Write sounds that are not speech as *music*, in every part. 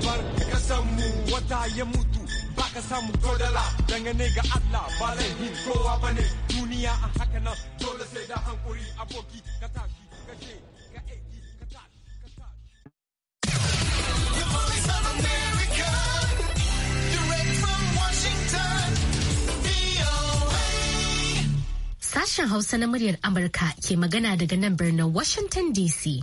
muka ka samu wata ya mutu ba mu samu kodala dangane ga Allah ba yi kowa ba ne duniya a haka nan dole sai da hankuri aboki ka tashi ka ce ka aiki ka tashi ka tashi. Sashen Hausa na muryar Amurka ke magana daga nan birnin Washington DC.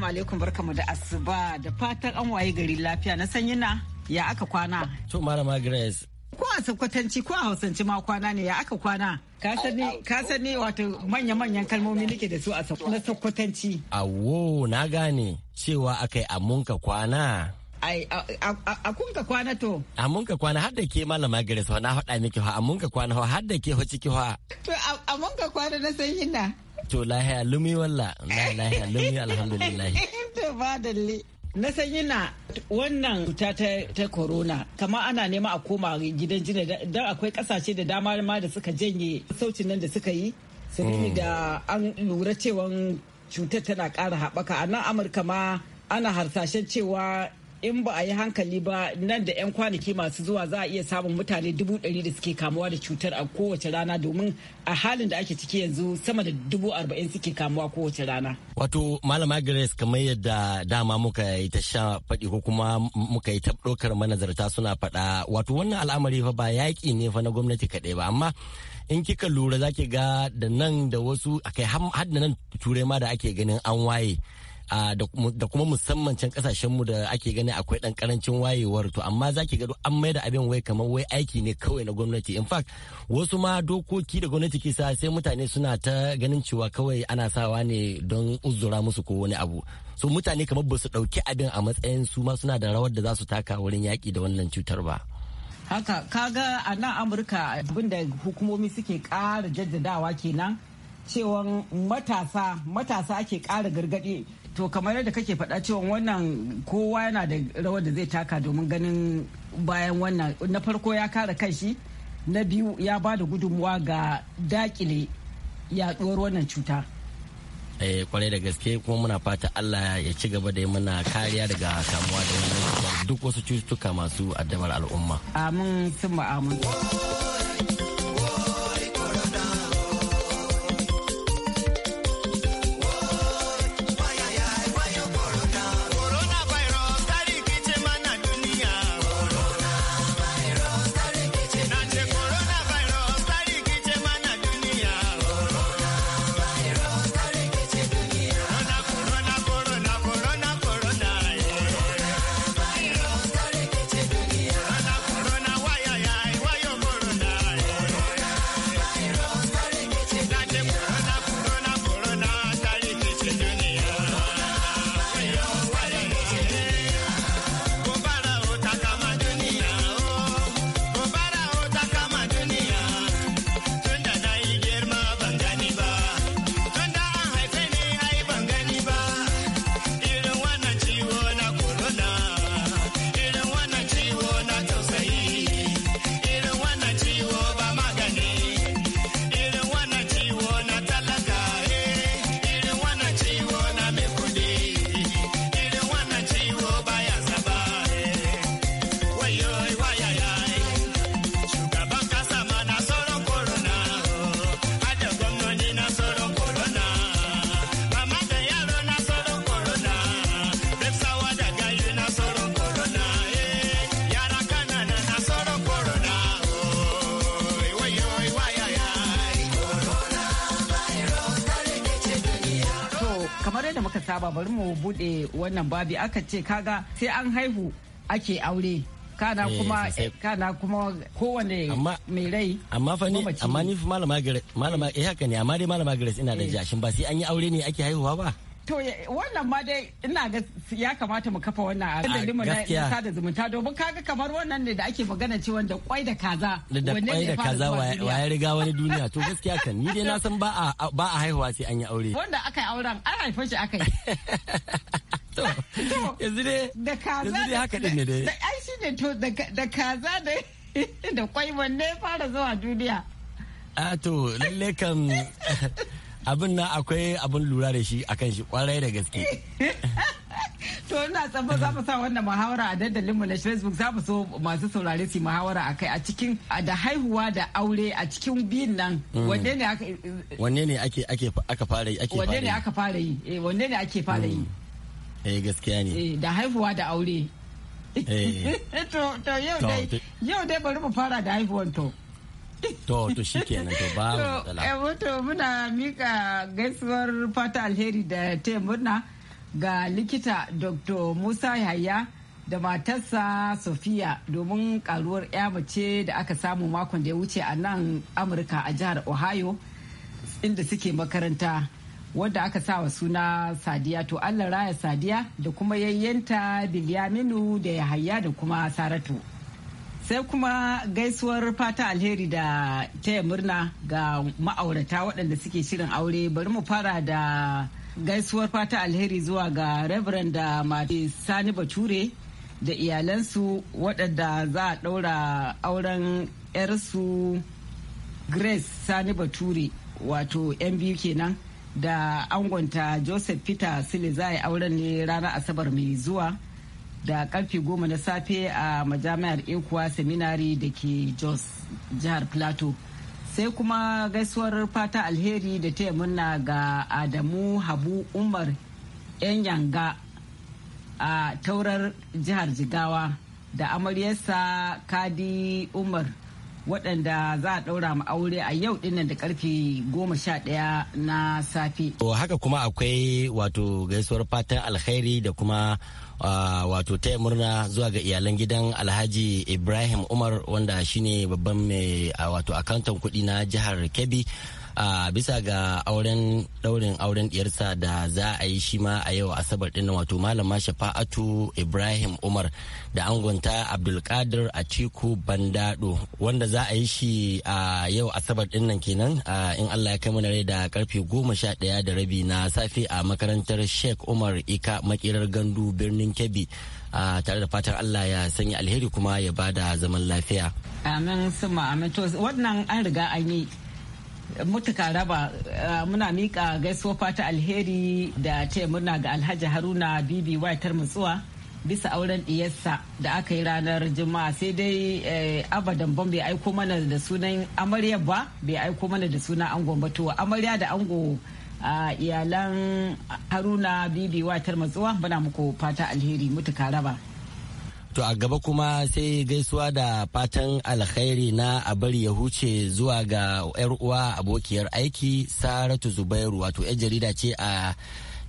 Assalamu alaikum barkamu da asuba da fatan an waye gari lafiya na sanyi na ya aka kwana. To Malama Grace. Ko a sakwatanci ko a hausance ma kwana ne ya aka kwana. Ka ne wato manya-manyan kalmomi nake da su a sakwatanci. Awo na gane cewa aka akai amunka kwana. ai a kunka kwana to a munka kwana har da ke malama wa na haɗa miki ha a munka kwana ha har da ke ho ciki ha to a munka kwana na sanyina. To lahiya lumi walla, lahiya lumi alhamdulillah. *laughs* To ba dalle. na san yana wannan cuta ta corona kama ana nema a koma gidan jina don akwai kasashe da dama ma da suka janye saucin nan da suka yi da mm. an lura cewa cutar tana ƙara haɓaka a nan amurka ma ana harsashen cewa in ba a yi hankali ba nan da 'yan kwanaki masu zuwa za a iya samun mutane dubu ɗari da suke kamuwa da cutar a kowace rana domin a halin da ake ciki yanzu sama da dubu arba'in suke kamuwa kowace rana. Wato Malama Grace kamar yadda dama muka yi ta sha faɗi ko kuma muka yi taɓɗokar manazarta suna faɗa wato wannan al'amari fa ba yaƙi ne fa na gwamnati kaɗai ba amma in kika lura zaki ga da nan da wasu akai har da nan turai ma da ake ganin an waye. da kuma musamman can kasashen mu da ake gani akwai dan karancin wayewar to amma zaki ga an mai da abin wai kamar wai aiki ne kawai na gwamnati in fact wasu ma dokoki da gwamnati ke sa sai mutane suna ta ganin cewa kawai ana sawa ne don uzura musu ko wani abu so mutane kamar ba su dauki abin a matsayin su ma suna da rawar da za su taka wurin yaki da wannan cutar ba haka kaga a nan amurka abin da hukumomi suke kara jaddadawa kenan cewa matasa matasa ake kara gargaɗi to kamar yadda kake faɗa cewa wannan kowa yana da rawar da zai taka domin ganin bayan wannan na farko ya kare kanshi na biyu ya ba da gudunmuwa ga dakile yaduwar wannan cuta eh kwarai da gaske kuma muna fata Allah ya ci gaba da muna kariya daga kamuwa da wannan duk wasu cututtuka masu addabar al'umma amin sun amin mu bude wannan babi aka ce kaga sai an haihu ake aure kana eh, kuma kana kuma kowane mai rai amma fa ni amma ni malama malama eh haka ne amma dai malama gare ina da eh. jashin ba sai an yi aure ne ake haihuwa ba To wannan ma dai ina ga ya kamata mu kafa wannan a mu na da zumunta domin kaga kamar wannan ne da ake magana ce wanda kwai da kaza da kwai da kaza wa ya riga wani duniya to gaskiya kan ni dai na san ba a ba a haihuwa sai an yi aure wanda aka yi auren an haifa shi aka yi *laughs* to yanzu dai da kaza da haka din ne dai ai shi ne to da kaza da *laughs* da kwai wanne fara zuwa duniya a ah, to lalle kan *laughs* abin na akwai abin lura da shi a kan shi kwarai da gaske *laughs* to ina tsamba za mu sa wannan muhawara a dandalin mu na facebook za mu so masu saurare su muhawara a kai a cikin da haihuwa da aure a cikin biyun nan mm. wanne ne aka wanne ne ake ake aka fara yi ake fara wanne ne aka fara yi eh wanne ne ake fara yi mm. eh gaskiya ne eh, da haihuwa da aure eh. *laughs* to to yau dai yau dai bari mu fara da haihuwan to to to shi kenan to ba mu matsala eh, to muna mika gaisuwar fata alheri da te murna ga likita dr musa yahaya da matarsa sofiya domin karuwar ya mace da aka samu makon da ya wuce a nan amurka a jihar ohio inda suke makaranta wadda aka sa wa suna sadiya to allah raya sadiya da kuma yayyanta bilyaminu da ya da kuma saratu sai kuma gaisuwar fata alheri da taya murna ga ma'aurata waɗanda suke shirin aure bari mu fara da gaisuwar fata alheri zuwa ga reverend da mati sani bature da iyalansu waɗanda za a ɗaura auren 'yarsu grace sani bature wato yan biyu kenan da angonta joseph peter sile za a yi auren ne ranar asabar mai zuwa da karfe goma na safe a majami'ar ekuwa seminary da ke jos jihar plateau sai kuma gaisuwar fata alheri da ta murna ga adamu habu umar yan yanga a taurar jihar jigawa da amaryarsa kadi umar waɗanda za a ɗaura mu aure a yau dinnan da karfe goma sha ɗaya na safe. to haka kuma akwai wato gaisuwar fatan alkhairi da kuma wato taya murna zuwa ga iyalan gidan alhaji ibrahim umar wanda shine babban mai wato akantan kuɗi na jihar kebbi a bisa ga auren daurin auren diyarsa da za a yi shi ma a yau asabar din wato malama shafa'atu ibrahim umar da angonta abdulkadir atiku bandado wanda za a yi shi a yau asabar din kenan in allah ya kai mana rai da karfe goma sha daya da rabi na safe a makarantar sheik umar ika makirar gandu birnin kebbi tare da fatan allah ya sanya alheri kuma ya bada zaman lafiya amin suma amin to wannan an riga an yi mutuka raba eh, muna mika gaisuwa fata alheri da ce murna ga alhaji haruna bibi watar mutsuwa bisa auren diyarsa da aka yi ranar juma'a sai dai eh, abadan ban bai aiko mana da sunan amarya ba bai aiko mana da sunan angon to amarya da ango a eh, iyalan haruna bibi watar mutsuwa muna muku fata alheri mutuka raba To a gaba kuma sai gaisuwa da fatan alkhairi na a bari ya huce zuwa ga 'yar uwa abokiyar aiki Saratu Zubairu wato 'yar jarida ce a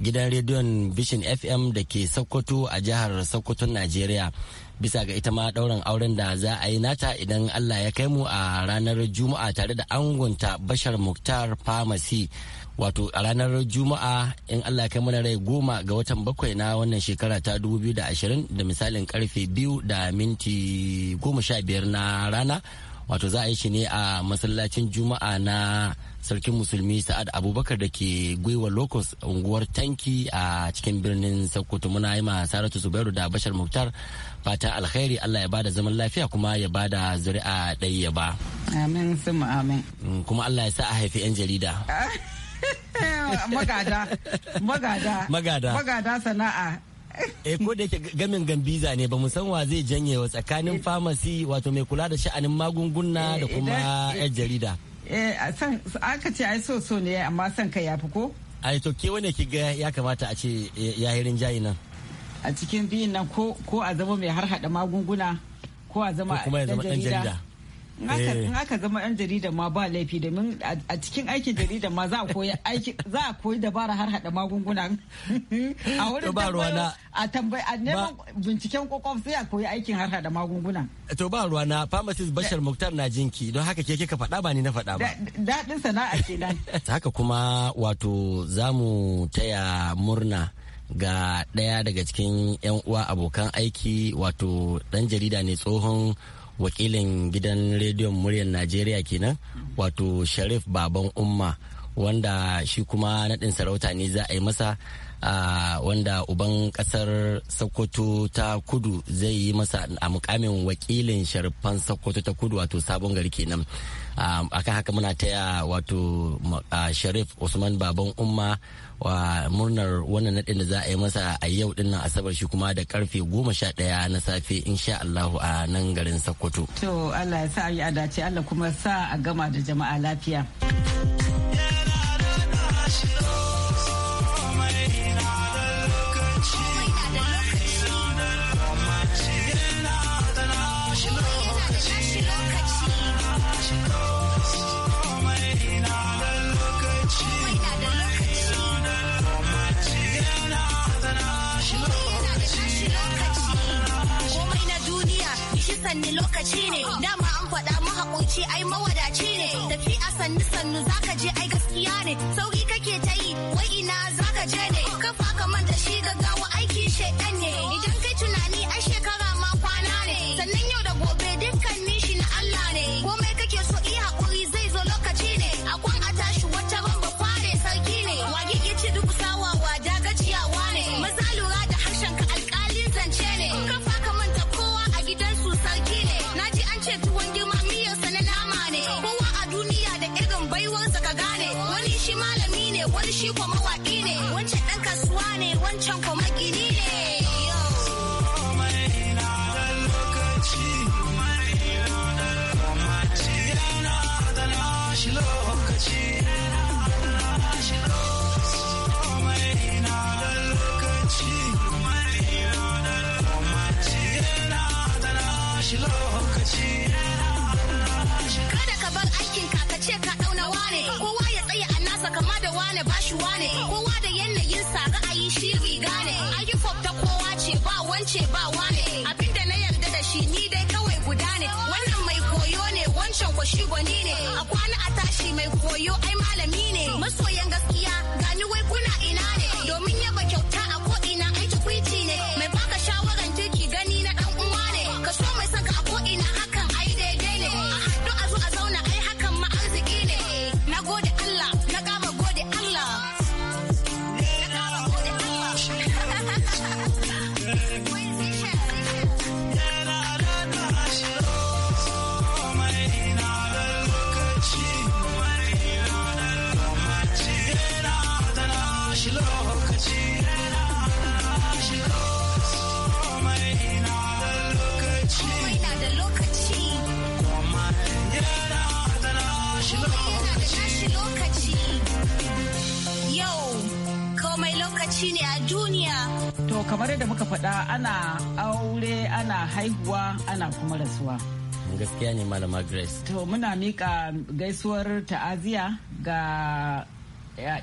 gidan rediyon Vision FM da ke Sokoto a jihar Sokoton Najeriya. bisa ga ita ma ɗaurin auren da za a yi nata idan Allah ya kai mu a ranar Juma'a tare da angonta Bashar Muktar Pharmacy wato a ranar Juma'a in Allah ya kai mana rai goma ga watan bakwai na wannan shekara ta 2020 da misalin karfe biyu da minti goma sha biyar na rana wato za a yi shi ne a masallacin juma'a na sarkin musulmi sa'ad abubakar da ke gwiwa locus unguwar tanki a cikin birnin sokoto muna yi ma saratu zubairu da bashar muktar fatan alkhairi allah ya bada zaman lafiya kuma ya bada zuri'a ɗai ya ba amin sun amin mm, kuma allah ya sa a haifi yan jarida *laughs* magada magada magada sana'a eh ko da yake gamin gambiza ne ba san wa zai janye wa tsakanin eh. famasi wato mai kula da sha'anin magunguna eh, da kuma yan eh, jarida eh san aka ce ai so so ne amma san ka yafi ko ai to ke wanda ki ga ya kamata a ce ya yi rinjayi nan a cikin biyun nan ko a zama mai har hada magunguna ko a zama dan jarida Eh. in aka zama yan jarida ma ba laifi domin a cikin aikin jarida ma za a koyi *laughs* za a koyi dabara har hada magunguna *laughs* a wurin a tambayi a neman binciken kokof sai a koyi aikin har hada magunguna to ba ruwa na pharmacist bashar muktar na jinki don haka ke kika faɗa ba ni na faɗa ba daɗin sana'a kenan *laughs* haka kuma wato zamu taya murna ga ɗaya daga cikin 'yan uwa abokan aiki wato ɗan jarida ne tsohon wakilin gidan rediyon muryar najeriya kenan wato sharif baban umma wanda shi kuma naɗin sarauta ne za a yi masa a wanda uban kasar sokoto ta kudu zai yi masa a mukamin wakilin sharifan sokoto ta kudu wato sabon gari kenan akan haka muna taya wato sharif usman baban umma wa murnar wannan nadin da za a yi masa a yau dinnan asabar shi kuma da karfe goma sha daya na safe insha Allahu a nan garin Sokoto. To Allah ya sa a yi adace Allah kuma sa a gama da jama'a lafiya. sanni lokaci ne dama an faɗa mahaƙoci ai mawadaci ne tafi a sanni sannu zaka je ai gaskiya ne sauki kake ta yi wai ina zaka je ne kafa ka manta shi gaggawa aiki shaidan wannan mai koyo ne wancan kwashi gwani ne a kwana a tashi mai koyo ai malami ne masoyan kuma rasuwa gaskiya ne malama grace to muna mika gaisuwar ta'aziya ga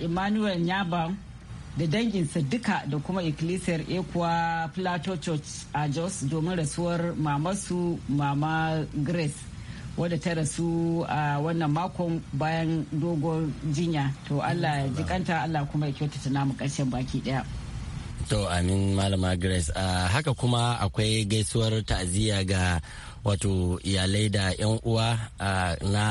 emmanuel nyaban da danginsa duka da kuma ikkilisiyar ekuwa plateau church a jos domin rasuwar mamasu mama grace wadda ta rasu a wannan makon bayan dogon jinya to allah jikanta allah kuma ya kyautata namu karshen baki daya To amin malama Grace. Uh, haka kuma akwai gaisuwar ta'aziyya ga wato iyalai da 'yan uwa uh, na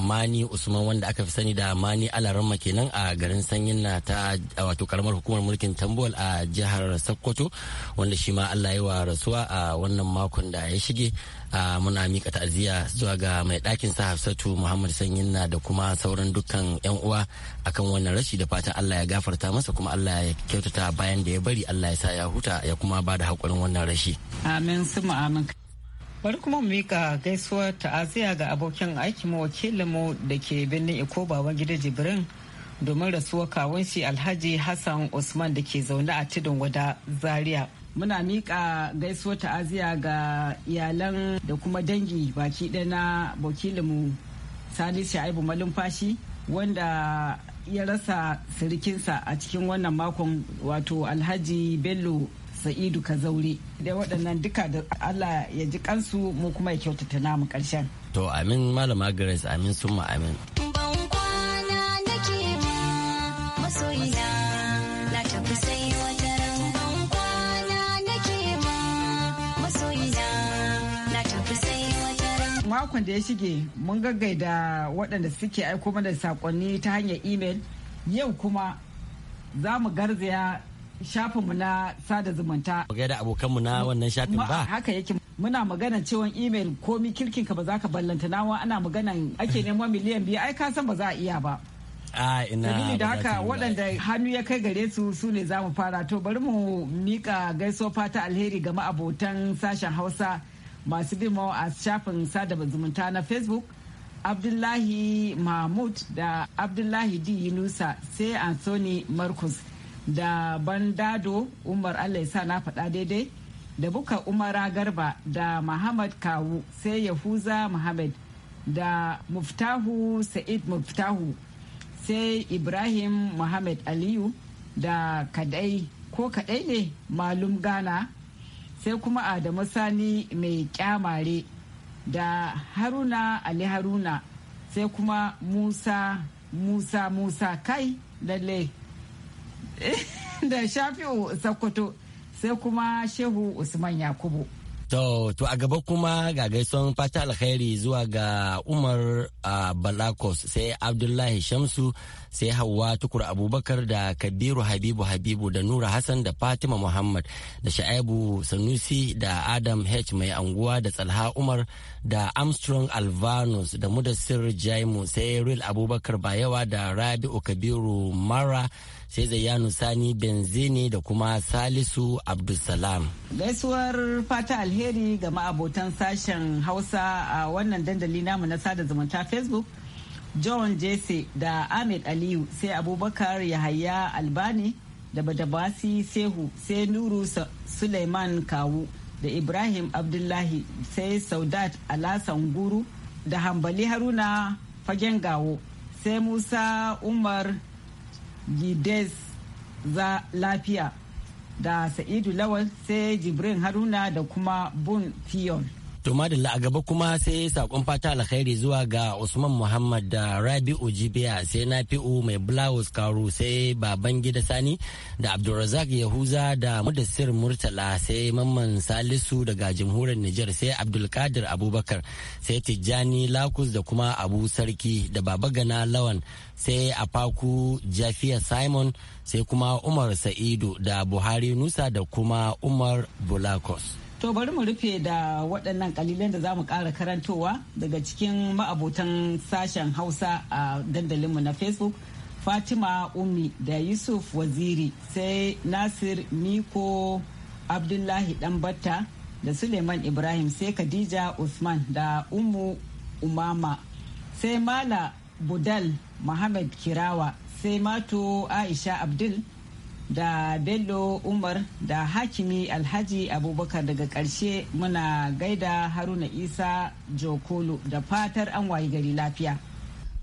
mani usman wanda aka fi sani da mani alarama kenan a garin sanyin na ta wato karamar hukumar mulkin tambol a jihar sokoto wanda shi ma allah yi wa rasuwa a wannan makon da ya shige a muna mika ta'aziyya zuwa ga mai ɗakin sa hafsatu muhammad sanyin na da kuma sauran dukkan yan uwa akan wannan rashi da fatan allah ya gafarta masa kuma allah ya kyautata bayan da ya bari allah ya sa ya huta ya kuma ba da haƙurin wannan rashi amin su amin bari kuma mu mika gaisuwar ta'aziya ga abokin aikinmu wakilinmu da ke birnin iko baban gida jibrin domin rasuwa kawun shi alhaji hassan usman da ke zaune a tudun wada zaria muna miƙa gaisuwar ta'aziya ga iyalan da kuma dangi baki ɗaya na wakilinmu sani sha'ibu malumfashi wanda ya rasa sirikinsa a cikin wannan makon wato alhaji bello sa'idu ka zaure da waɗannan duka da allah ya ji kansu mu kuma ya kyautata namu ƙarshen to amin malama grace amin summa amin makon da ya shige mun gaggaida waɗanda suke aiko mana saƙonni ta hanyar imel yau kuma za mu garzaya shafinmu na sada zumunta. Mu da abokanmu na wannan shafin ba. Haka yake muna magana cewa email komi kirkin ka ba za ka ballanta nawa ana magana ake neman miliyan biyu ai ka san ba za a iya ba. A Sabili da haka waɗanda hannu ya kai gare su su ne za mu fara to bari mu mika gaiso fata alheri ga ma'abotan sashen Hausa masu bin a shafin sada zumunta na Facebook. Abdullahi Mahmud da Abdullahi D. Yunusa sai Anthony Marcus. da bandado umar allah sa na faɗa daidai da buka umara garba da muhammad kawu sai yahuza muhammad da muftahu sa'id muftahu sai ibrahim muhammad aliyu da kadai ko kadai ne malum gana. sai kuma adamu sani mai kyamare da haruna ali haruna sai kuma musa musa musa kai lalle Eh, da shafi'u sakkwato sai kuma shehu usman yakubu To, to a gaba kuma ga gaison fata alkhairi zuwa ga Umar uh, Balakos sai Abdullahi Shamsu sai Hauwa Tukur Abubakar da Kabiru Habibu Habibu da Nura Hassan da Fatima Muhammad da Sha'aibu Sanusi da Adam H mai anguwa da Tsalha Umar da Armstrong Alvanus da Mudassir Jaimu sai Real Abubakar Bayawa da Rabi'u Kabiru Mara sai zayyanu sani benzini da kuma salisu abdulsalam gaisuwar fata alheri ga ma'abotan sashen hausa a wannan dandali namu na sada zumunta facebook john jesse da ahmed aliyu sai abubakar yahaya albani da badabasi sehu sai nuru suleiman kawu da ibrahim abdullahi sai saudat alasan guru da hambali haruna fagen gawo sai musa umar gides za lafiya da sa'idu lawal sai jibrin haruna da kuma bun fiyon To madalla a gaba kuma sai sakon fata alkhairi zuwa ga Usman Muhammad da Rabi'u Jibiya sai na Nafi'u mai Blouse Karu sai baban gida Sani da Abdulrazak Yahuza da Mudassir Murtala sai Mamman Salisu daga jamhuriyar Nijar sai Abdulkadir Abubakar sai Tijjani Lakus da kuma Abu Sarki da Baba Gana Lawan sai Afaku Jafiya Simon sai kuma Umar Sa'idu da Buhari Nusa da kuma Umar Bulakos. To bari mu rufe da waɗannan kalilan da za mu ƙara karantowa daga cikin ma'abotan sashen Hausa a dandalinmu na Facebook. Fatima Ummi da Yusuf Waziri sai Nasir Miko Abdullahi Ɗanbatta da Suleiman Ibrahim sai Khadija Usman da umu Umama sai Mala Budal Muhammad Kirawa sai Mato Aisha Abdul da bello umar da hakimi alhaji abubakar daga karshe muna gaida haruna isa jokolo da fatar an wayi gari lafiya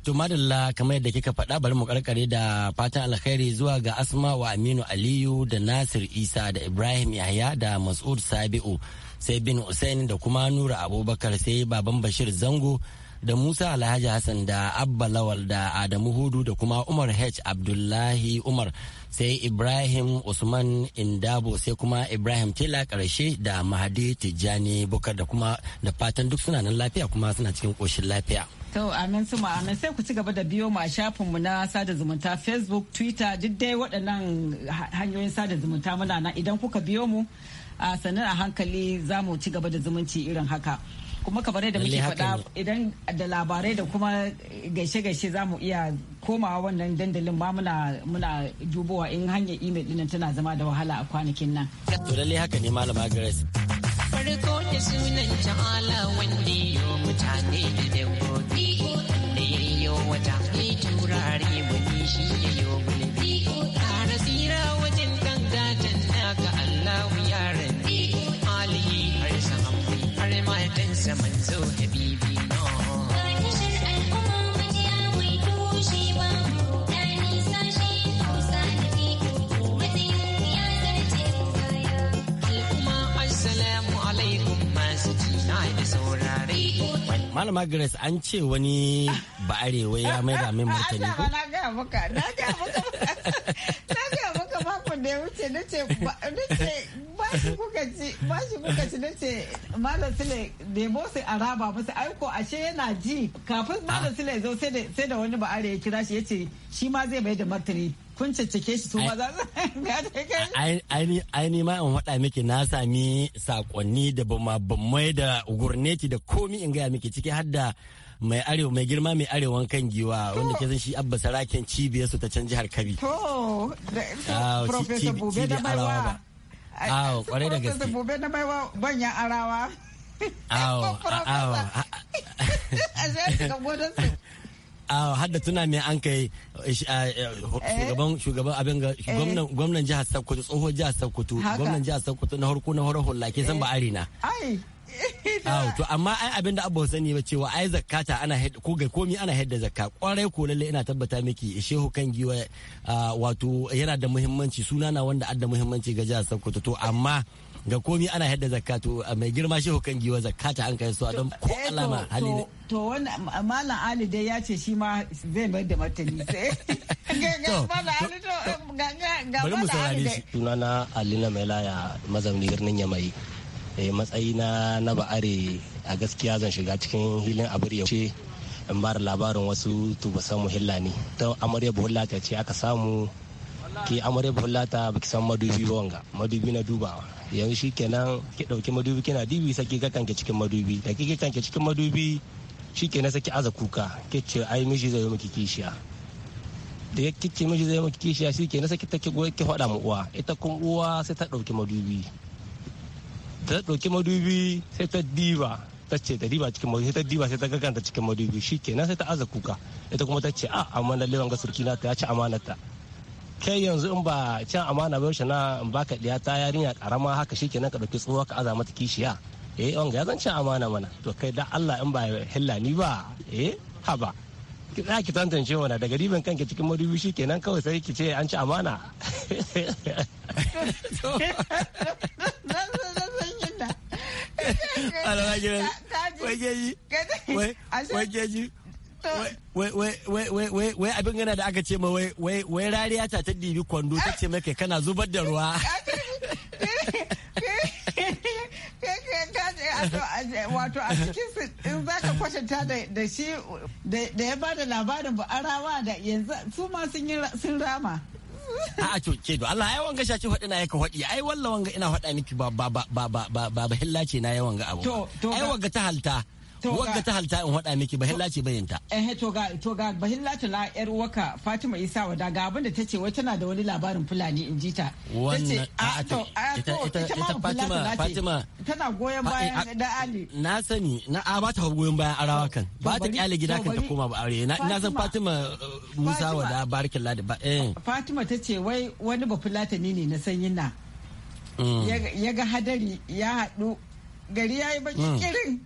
to madalla kamar yadda kika faɗa bari mu karkare da fatan alkhairi zuwa ga asma wa aminu aliyu da nasir isa da ibrahim yahya da mas'ud sabi'u sai bin usaini da kuma nura abubakar sai baban bashir zango da Musa Alhaji Hassan da Abba Lawal da Adamu Hudu da kuma Umar H. Abdullahi Umar sai Ibrahim Usman Indabo sai kuma Ibrahim Tela karshe da Mahadi Tijjani Bukar da kuma da fatan duk suna nan lafiya kuma suna cikin koshin lafiya. To amin su amin sai ku ci gaba da biyo mu a shafinmu na sada zumunta Facebook, Twitter duk dai waɗannan hanyoyin sada zumunta muna nan idan kuka biyo mu a sannan a hankali za mu ci gaba da zumunci irin haka. kuma kamar da muke faɗa idan da labarai da kuma gaishe-gaishe za mu iya komawa wannan dandalin ba muna muna dubowa in hanyar imel ɗin tana zama da wahala a kwanakin nan. To lalle haka ne malama Grace. Farko da sunan ta'ala wanda mutane da dawo. malama grace an ce wani ba arewa ya mai min *laughs* martani ko na ga maka na ga maka *laughs* na ga maka makon da ya wuce na ce muka ba bashi muka ci na ce malam sule nemo a araba masa aiko ashe yana ji kafin malam sule zo sai da wani ba'are ya kira shi ya ce shi ma zai bai da martani kun cancake shi su ma za su *laughs* aini ma in faɗa miki na sami sakonni da bama bamai da gurneti da komi in gaya miki ciki har da mai arewa mai girma mai arewan kan giwa wanda ke zan shi abba sarakin cibiyar su ta can jihar kabi to professor bube da baiwa awo kwarai da gaske bobe na baiwa banyan arawa awo awo *laughs* a zai ka godon su a hadda tuna me an kai eh, ah, eh, eh. shugaban shugaban abin ga gwamnan gwamnan jihar Sokoto tsohon jihar Sokoto gwamnan jihar Sokoto na harko na horo hulla san ba arena to amma ai abin da abu sani ba cewa ai zakata ana ko ga komi ana hedda zakka kwarai ko lalle ina tabbata miki shehu kan giwa wato yana da muhimmanci suna na wanda adda muhimmanci ga jihar Sokoto to amma ga komi ana hedda zakka to mai girma shehu kan giwa zakata an kai su a don ko eh, alama hali ne to wani malam ali dai ya ce shi ma zai mai da martani sai *laughs* ga malam ali to ga malam ali sunana alina mai laya mazaunin birnin yamai Eh, matsayi na na ba'are a gaskiya zan shiga cikin hilin abir yaushe in ba labarin wasu tubasan hilla ne ta amarya ta ce aka samu ke amarya buhulla ta ki san madubi ba wanga madubi na dubawa yanzu shi kenan ki ɗauki madubi kina dubi saki ga kanke cikin madubi da kike kanke cikin madubi shi kenan saki aza kuka ke ce ai miji zai yi miki kishiya da ya kike miji zai yi miki kishiya shi kenan saki ta ki faɗa mu uwa ita kun uwa sai ta ɗauki madubi ta ɗauki madubi sai ta diba ta ce ta diba cikin madubi sai ta diba sai ta gaganta cikin madubi shi kenan sai ta aza kuka ita kuma ta ce a ah, amma lallai wanga surki na ta ya ci amanata kai yanzu in ba can amana ba na in baka ɗiya ta yarinya karama haka shi kenan ka ɗauki tsohuwa ka aza mata kishiya eh wanga ya zan ci amana mana to kai da Allah in ba hilla ni ba eh haba za ki tantance wani daga riban kanki cikin madubi shi kenan kawai sai ki ce an ci amana *laughs* *laughs* Ah, alhaji wai abin da aka ce ma wai rariya ta ta dibi kwando ta ce kana zubar da ruwa *laughs* wato a cikin su in za ka kwatanta da shi da ya ba da labarin ba arawa da yanzu su ma sun rama A'a to ke do Allah ai wanga shaci faɗi na yaka faɗi ai walla wanga ina faɗa miki ba ba ba ba ba ba ce na yawan ga abu. To to ai wanga ta halta. wagga ta halta in waɗa miki bahilla ce bayinta eh to ga to ga bahilla ta la yar waka Fatima Isa wada ga abin da tace wai tana da wani labarin Fulani in ji ta tace ah, a ah, to ita Fatima Fatima tana goyen bayan eh, da Ali na sani na a ba ta goyon bayan arawa kan ba ta kyale gida kan ta koma ba aure na san Fatima eh, Musa wada barkin ladi ba eh Fatima tace wai wani ba Fulatani ne na sanyin na mm. ya ga hadari ya haɗu gari ya yi baki kirin mm.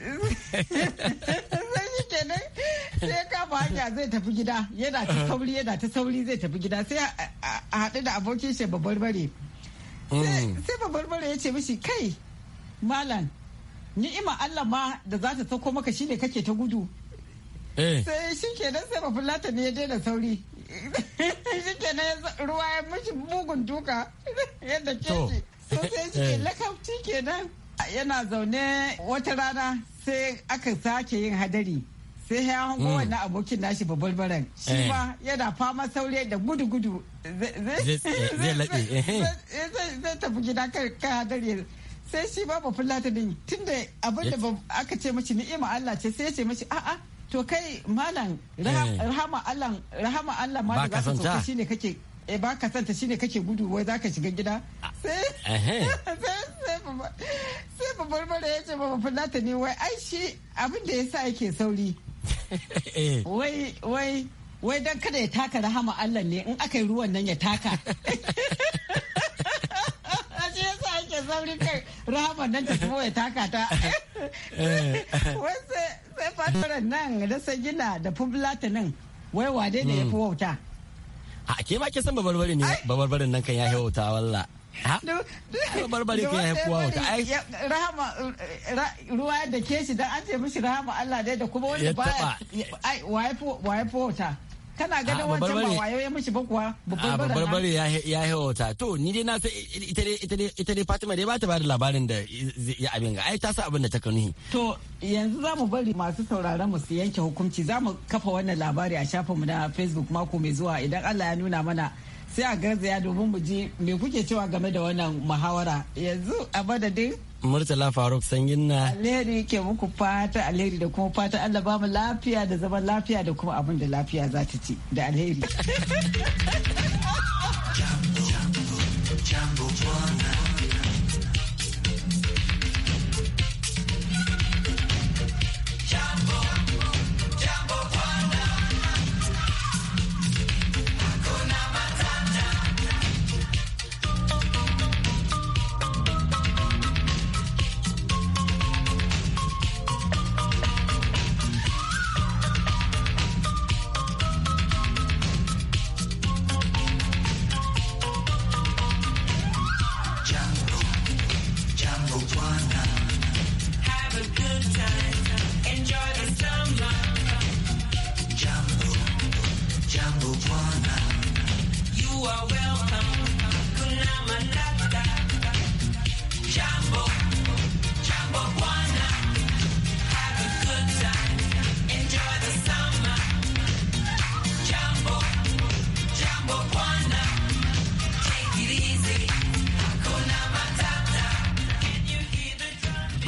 sai shi kenan sai ya kama hanya zai tafi gida yana ta sauri yana ta sauri zai tafi gida sai a haɗu da abokin shi babbar bare hmm. sai babbar bare ya ce mishi kai malam ni'ima Allah ma da za ta sauko maka shine kake ta gudu eh. sai shi kenan sai babbar lata ne ya daina sauri *laughs* shi kenan ruwa ya mishi bugun duka *laughs* yadda ke shi sai shi ke eh. lakabci kenan yana zaune wata rana sai aka sake yin hadari sai ya hango hmm. wannan abokin nashi baran shi eh. ma yana fama saurayi da gudu-gudu zai tafi gida kan hadari sai shi ba ba fulata din tunda abin da aka ce mashi ni'ima Allah ce sai ya ce mashi a'a to kai malam eh. rahama Allah rahama Allah ma da za ka shi ne kake e ba ka santa shine kake gudu wai za ka shiga gida sai babbar barbara ya ce ba fulata ne wai ai shi abin da ya sa yake sauri *laughs* eh. wai wai wai don kada ya taka rahama Allah ne in aka yi ruwan nan ya taka *laughs* shi ake sauri kai rahama nan ta kuma ya taka ta *laughs* eh. wai sai fatarar nan rasa gina da fulata wai wade ne ya fi wauta Ha, ke ma ke san babarbarin ne babarbarin nan kan ya hewata walla babarbarin kan ya hewata ta. ai rahama ruwa da ke shi dan an ce mishi rahama Allah dai da kuma wani baya ai waye ta. kana ah, ganin wancan ba wayo ya mishi ba kuwa babbar ah, bare ya hewata to ni dai na san ita dai ita dai ita dai Fatima dai ba ta bada labarin da ya abin ga ai ta sa abin da ta kanuhi to yanzu za mu bari masu sauraron mu su yanke hukunci za mu kafa wannan labari a shafinmu na Facebook mako mai zuwa idan Allah ya nuna mana sai a garzaya domin mu ji me kuke cewa game da wannan muhawara yanzu a madadin Murtala Faruk sanyin na. Alheri ke muku fata alheri da kuma fata Allah ba mu lafiya da zaman lafiya da kuma abin da lafiya za ta ci da alheri.